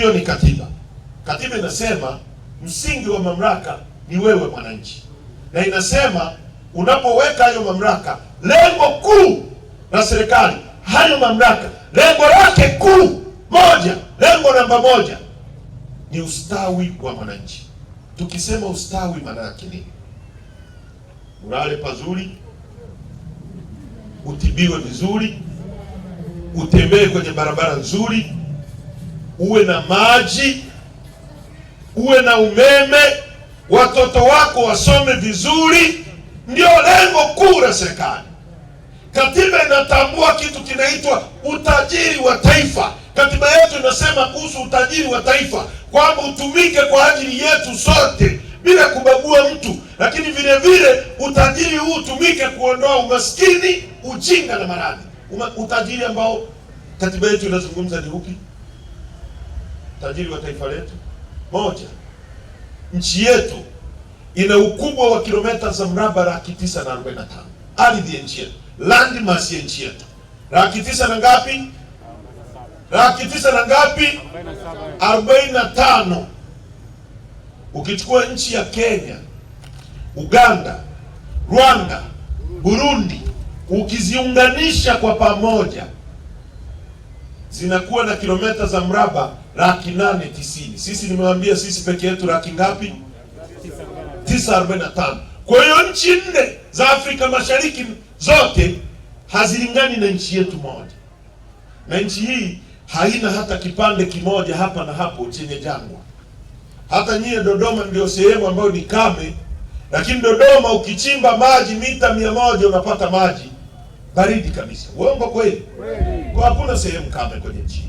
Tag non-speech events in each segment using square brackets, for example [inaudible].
hiyo ni katiba. Katiba inasema msingi wa mamlaka ni wewe mwananchi, na inasema unapoweka hayo mamlaka, lengo kuu la serikali, hayo mamlaka lengo lake kuu moja, lengo namba moja ni ustawi wa mwananchi. Tukisema ustawi, maana yake nini? Ulale pazuri, utibiwe vizuri, utembee kwenye barabara nzuri uwe na maji, uwe na umeme, watoto wako wasome vizuri. Ndio lengo kuu la serikali. Katiba inatambua kitu kinaitwa utajiri wa taifa. Katiba yetu inasema kuhusu utajiri wa taifa kwamba utumike kwa ajili yetu sote bila kubagua mtu, lakini vile vile utajiri huu utumike kuondoa umaskini, ujinga na maradhi. Utajiri ambao katiba yetu inazungumza ni upi? tajiri wa taifa letu. Moja, nchi yetu ina ukubwa wa kilomita za mraba laki tisa na arobaini na tano. Ardhi ya nchi yetu, mass ya nchi yetu laki tisa na ngapi? Laki tisa na ngapi? arobaini na tano. Ukichukua nchi ya Kenya, Uganda, Rwanda, Burundi, ukiziunganisha kwa pamoja zinakuwa na kilomita za mraba laki nane tisini. Sisi nimewambia sisi peke yetu laki ngapi? tano. Kwa hiyo nchi nne za Afrika Mashariki zote hazilingani na nchi yetu moja, na nchi hii haina hata kipande kimoja hapa na hapo chenye jangwa. Hata nyie Dodoma ndio sehemu ambayo ni kame, lakini Dodoma ukichimba maji mita mia moja unapata maji baridi kabisa. Uongo kweli? kwa hakuna sehemu kame kwenye nchi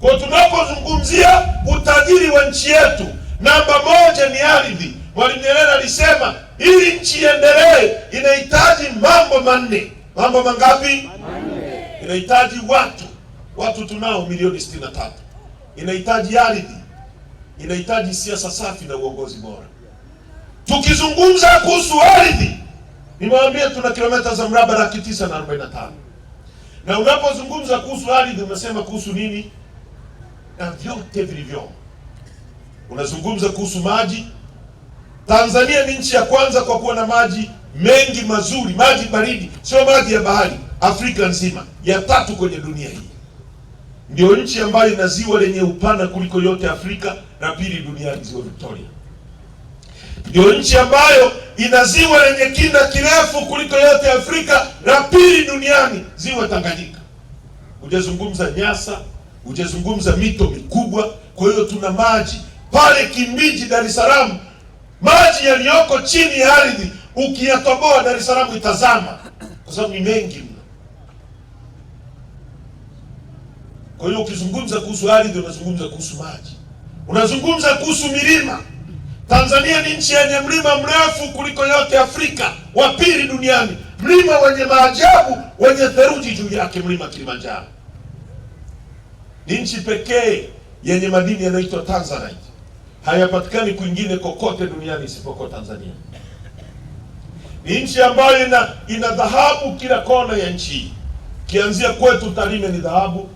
Kwa tunapozungumzia utajiri wa nchi yetu, namba moja ni ardhi. Mwalimu Nyerere alisema ili nchi iendelee inahitaji mambo manne. Mambo mangapi? Inahitaji watu, watu tunao milioni sitini na tatu. Inahitaji ardhi, inahitaji siasa safi na uongozi bora. Tukizungumza kuhusu ardhi, nimewambia tuna kilomita za mraba laki tisa na arobaini na tano. Na unapozungumza kuhusu ardhi unasema kuhusu nini? Na vyote vilivyomo. Unazungumza kuhusu maji. Tanzania ni nchi ya kwanza kwa kuwa na maji mengi mazuri, maji baridi, sio maji ya bahari, Afrika nzima, ya tatu kwenye dunia hii. Ndio nchi ambayo ina ziwa lenye upana kuliko yote Afrika, na pili duniani, ziwa Victoria. Ndio nchi ambayo ina ziwa lenye kina kirefu kuliko yote Afrika, la pili duniani, ziwa Tanganyika. Hujazungumza Nyasa, hujazungumza mito mikubwa. Kwa hiyo tuna maji pale Kimbiji, Dar es Salaam, maji yaliyoko chini ya ardhi ukiyatoboa Dar es Salaam itazama, kwa sababu ni mengi mno. Kwa hiyo ukizungumza kuhusu ardhi, unazungumza kuhusu maji, unazungumza kuhusu milima Tanzania ni nchi yenye mlima mrefu kuliko yote Afrika, wa pili duniani, mlima wenye maajabu, wenye theluji juu yake, mlima Kilimanjaro. Ni nchi pekee yenye madini yanayoitwa Tanzanite, hayapatikani kwingine kokote duniani isipokuwa Tanzania. Ni nchi ambayo ina ina dhahabu kila kona ya nchi, kianzia kwetu Tarime ni dhahabu,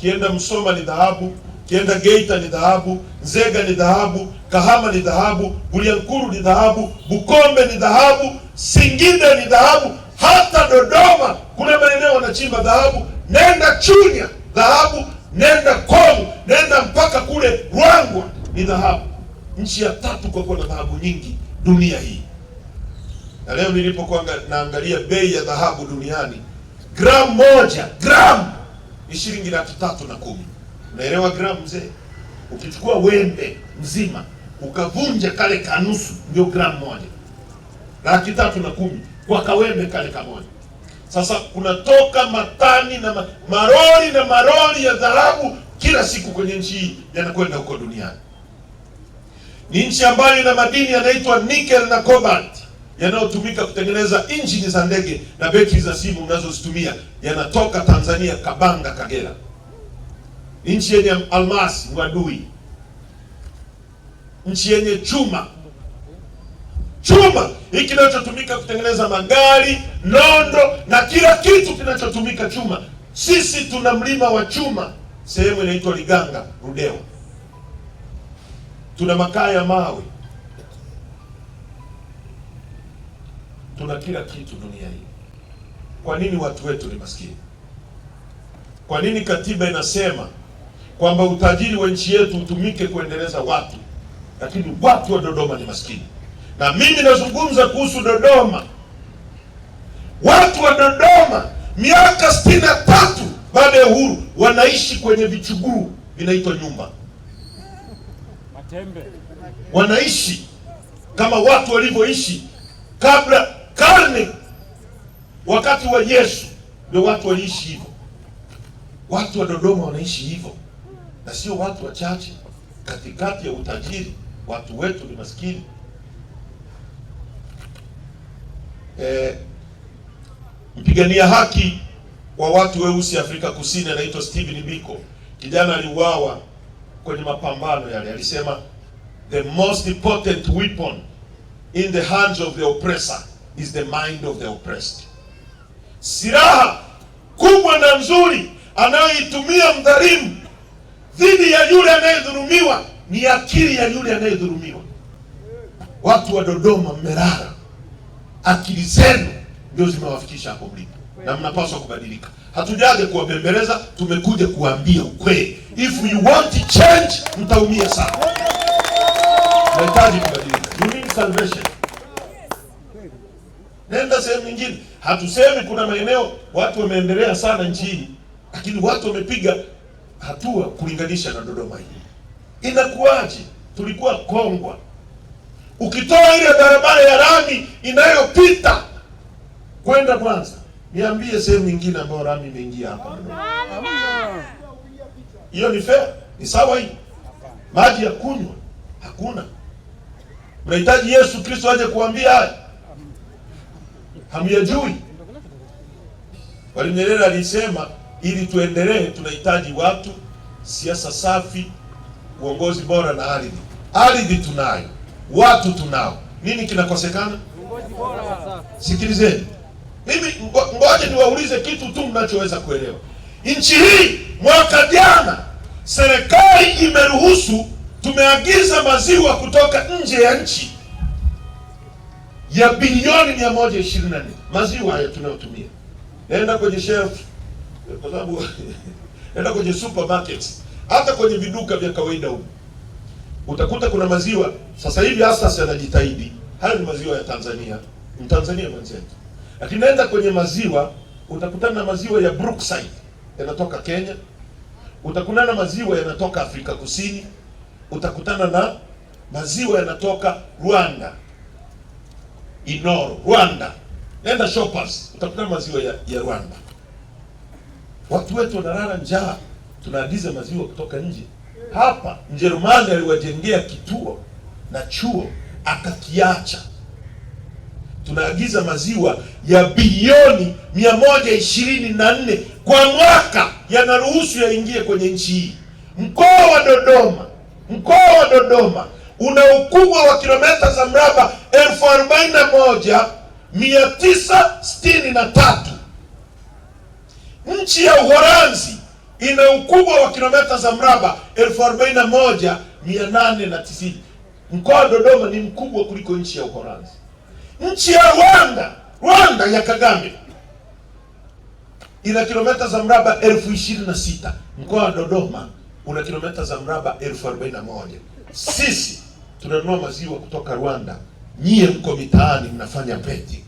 kienda Msoma ni dhahabu kienda Geita ni dhahabu, Nzega ni dhahabu, Kahama ni dhahabu, Bulyanhulu ni dhahabu, Bukombe ni dhahabu, Singida ni dhahabu, hata Dodoma kuna maeneo wanachimba dhahabu. Nenda Chunya dhahabu, nenda Komu, nenda mpaka kule Rwangwa ni dhahabu. Nchi ya tatu kwa kuwa na dhahabu nyingi dunia hii. Na leo nilipokuwa naangalia bei ya dhahabu duniani, gramu moja, gramu ni shilingi laki tatu na kumi. Unaelewa gramu mzee? Ukichukua wembe mzima ukavunja kale kanusu, ndio gramu moja, laki tatu na kumi kwa kawembe kale kamoja. Sasa kunatoka matani na ma maroli na maroli ya dhahabu kila siku kwenye nchi hii yanakwenda huko duniani. Ni nchi ambayo ina madini yanaitwa nickel na cobalt yanayotumika kutengeneza injini za ndege na betri za simu unazozitumia yanatoka Tanzania, Kabanga, Kagera nchi yenye almasi uadui, nchi yenye chuma. Chuma hii kinachotumika kutengeneza magari, nondo na kila kitu kinachotumika chuma. Sisi tuna mlima wa chuma, sehemu inaitwa Liganga Rudewa, tuna makaa ya mawe, tuna kila kitu dunia hii. Kwa nini watu wetu ni maskini? Kwa nini katiba inasema kwamba utajiri wa nchi yetu utumike kuendeleza watu, lakini watu wa Dodoma ni maskini. Na mimi nazungumza kuhusu Dodoma, watu wa Dodoma miaka sitini na tatu baada ya uhuru wanaishi kwenye vichuguu vinaitwa nyumba, matembe. Wanaishi kama watu walivyoishi kabla karne, wakati wa Yesu ndio watu waliishi hivyo. Watu wa Dodoma wanaishi hivyo na sio watu wachache katikati ya utajiri. Watu wetu ni maskini. E, mpigania haki wa watu weusi Afrika Kusini anaitwa Steven Biko. Kijana aliuawa kwenye mapambano yale, alisema the most important weapon in the hands of the oppressor is the mind of the oppressed. Silaha kubwa na nzuri anayoitumia mdhalimu anayedhulumiwa ni akili ya yule anayedhulumiwa. Watu wa Dodoma mmelala, akili zenu ndio zimewafikisha hapo mlipo, na mnapaswa kubadilika. Hatujaje kuwabembeleza, tumekuja kuambia ukweli. If you want change, mtaumia sana. Nahitaji kubadilika, you need salvation. Nenda sehemu nyingine. Hatusemi kuna maeneo watu wameendelea sana nchi hii, lakini watu wamepiga hatua kulinganisha na Dodoma hii. Inakuwaje? Tulikuwa Kongwa, ukitoa ile barabara ya lami inayopita kwenda Mwanza, niambie sehemu nyingine ambayo lami imeingia hapa Dodoma, hiyo ni fair? Ni sawa? Hii maji ya kunywa hakuna. Mnahitaji Yesu Kristo aje kuambia haya? Hamyajui. Mwalimu Nyerere alisema ili tuendelee, tunahitaji watu, siasa safi, uongozi bora na ardhi. Ardhi tunayo, watu tunao, nini kinakosekana? Sikilizeni mimi, ngoje niwaulize kitu tu mnachoweza kuelewa. Nchi hii mwaka jana serikali imeruhusu, tumeagiza maziwa kutoka nje ya nchi ya bilioni 124 maziwa haya tunayotumia, naenda kwenye shelf kwa sababu [laughs] enda kwenye supermarket hata kwenye viduka vya kawaida huko utakuta kuna maziwa. Sasa hivi Asas yanajitahidi, haya ni maziwa ya Tanzania, Mtanzania mwenzetu, lakini naenda kwenye maziwa utakutana na maziwa ya Brookside yanatoka Kenya, utakutana na maziwa yanatoka Afrika Kusini, utakutana na maziwa yanatoka Rwanda, Inoro Rwanda. Nenda shoppers utakutana maziwa ya, ya Rwanda. Watu wetu wanalala njaa, tunaagiza maziwa kutoka nje. Hapa Mjerumani aliwajengea kituo na chuo akakiacha, tunaagiza maziwa ya bilioni mia moja ishirini na nne kwa mwaka, yanaruhusu yaingie kwenye nchi hii. Mkoa wa Dodoma, mkoa wa Dodoma una ukubwa wa kilometa za mraba elfu arobaini na moja mia tisa sitini na tatu Nchi ya Uholanzi ina ukubwa wa kilometa za mraba elfu arobaini na moja mia nane na tisini. Mkoa wa Dodoma ni mkubwa kuliko nchi ya Uholanzi. Nchi ya Rwanda, Rwanda ya Kagame ina kilometa za mraba elfu ishirini na sita. Mkoa wa Dodoma una kilometa za mraba elfu arobaini na moja. Sisi tunanunua maziwa kutoka Rwanda, nyie mko mitaani mnafanya peti.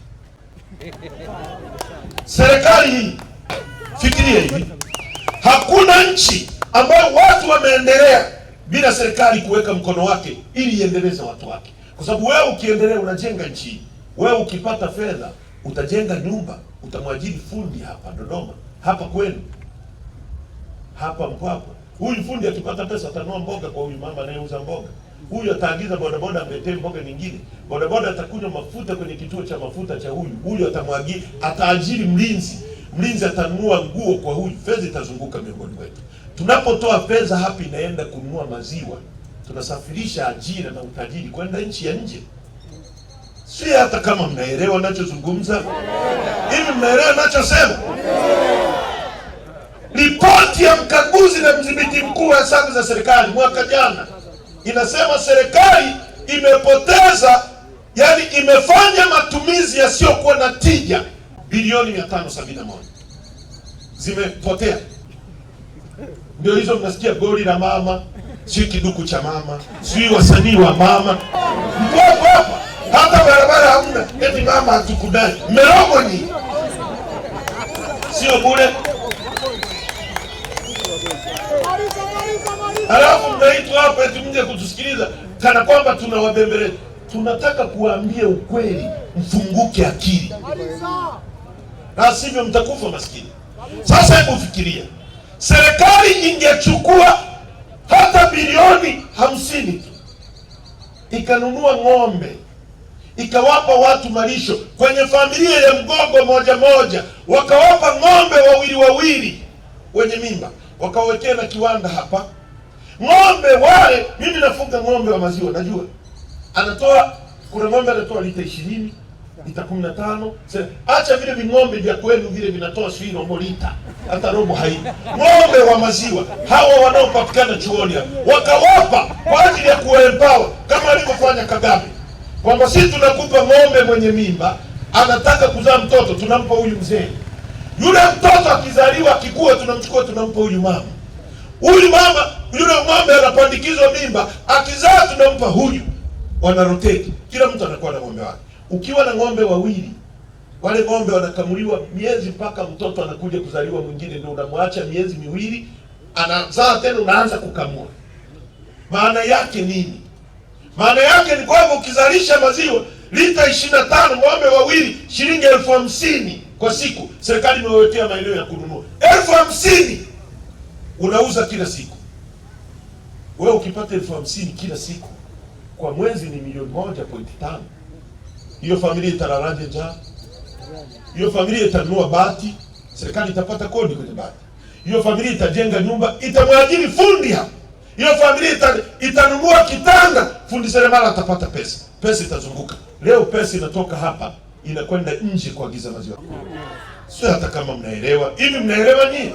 Serikali hii Fikiria hivi, hakuna nchi ambayo watu wameendelea bila serikali kuweka mkono wake ili iendeleze watu wake, kwa sababu wewe ukiendelea unajenga nchi. Wewe ukipata fedha utajenga nyumba, utamwajiri fundi hapa Dodoma, hapa kwenu, hapa Mpwapwa. Huyu fundi akipata pesa atanua mboga kwa huyu mama anayeuza mboga huyu ataagiza bodaboda ambetee mboga nyingine, bodaboda atakunywa mafuta kwenye kituo cha mafuta cha huyu, huyu atamwajiri, ataajiri mlinzi mlinzi atanunua nguo kwa huyu, fedha itazunguka miongoni mwetu. Tunapotoa fedha hapa inaenda kununua maziwa, tunasafirisha ajira na utajiri kwenda nchi ya nje. Si hata kama mnaelewa nachozungumza hivi, mnaelewa nachosema Ripoti ya mkaguzi na mdhibiti mkuu wa hesabu za serikali mwaka jana inasema serikali imepoteza, yani imefanya matumizi yasiyokuwa na tija bilioni mia tano na moja zimepotea. Ndio hizo mnasikia goli la mama, si kiduku cha mama, si wasanii wa mama mkopo hata barabara hamna, eti mama hatukudai. melongo ni sio bure, alafu mnaitwa hapa eti mje kutusikiliza kana kwamba tunawabembeleza. Tunataka kuwaambia ukweli, mfunguke akili na sivyo mtakufa maskini. Sasa hebu fikiria, serikali ingechukua hata bilioni hamsini tu ikanunua ng'ombe ikawapa watu malisho kwenye familia ya mgogo moja moja, wakawapa ng'ombe wawili wawili wenye mimba, wakawekea na kiwanda hapa. Ng'ombe wale, mimi nafuga ng'ombe wa maziwa, najua anatoa, kuna ng'ombe anatoa lita ishirini lita kumi na tano. Acha vile ving'ombe vya kwenu vile vinatoa sijui robo lita hata robo haina. Ng'ombe wa maziwa hawa wanaopatikana chuoni wakawapa kwa ajili ya kuwaembawa, kama alivyofanya Kagame kwamba sisi tunakupa ng'ombe mwenye mimba anataka kuzaa mtoto, tunampa huyu mzee. Yule mtoto akizaliwa, akikua, tunamchukua tunampa huyu mama. Huyu mama, yule ng'ombe anapandikizwa mimba, akizaa tunampa huyu. Wanaroteki, kila mtu anakuwa na ng'ombe wake. Ukiwa na ng'ombe wawili, wale ng'ombe wanakamuliwa miezi mpaka mtoto anakuja kuzaliwa mwingine, ndio unamwacha miezi miwili, anazaa tena, unaanza kukamua. Maana yake nini? Maana yake ni kwamba ukizalisha maziwa lita ishirini na tano ng'ombe wawili, shilingi elfu hamsini kwa siku. Serikali imewekea maeneo ya kununua, elfu hamsini unauza kila siku. Wewe ukipata elfu hamsini kila siku, kwa mwezi ni milioni moja pointi tano hiyo familia itararaje njaa? Hiyo familia itanunua bati, serikali itapata kodi kwenye bati. Hiyo familia itajenga nyumba, itamwajiri fundi hapo. Hiyo familia ita, itanunua kitanda, fundi seremala atapata pesa, pesa itazunguka. Leo pesa inatoka hapa inakwenda nje kuagiza maziwa, sio hata kama mnaelewa hivi, mnaelewa nini?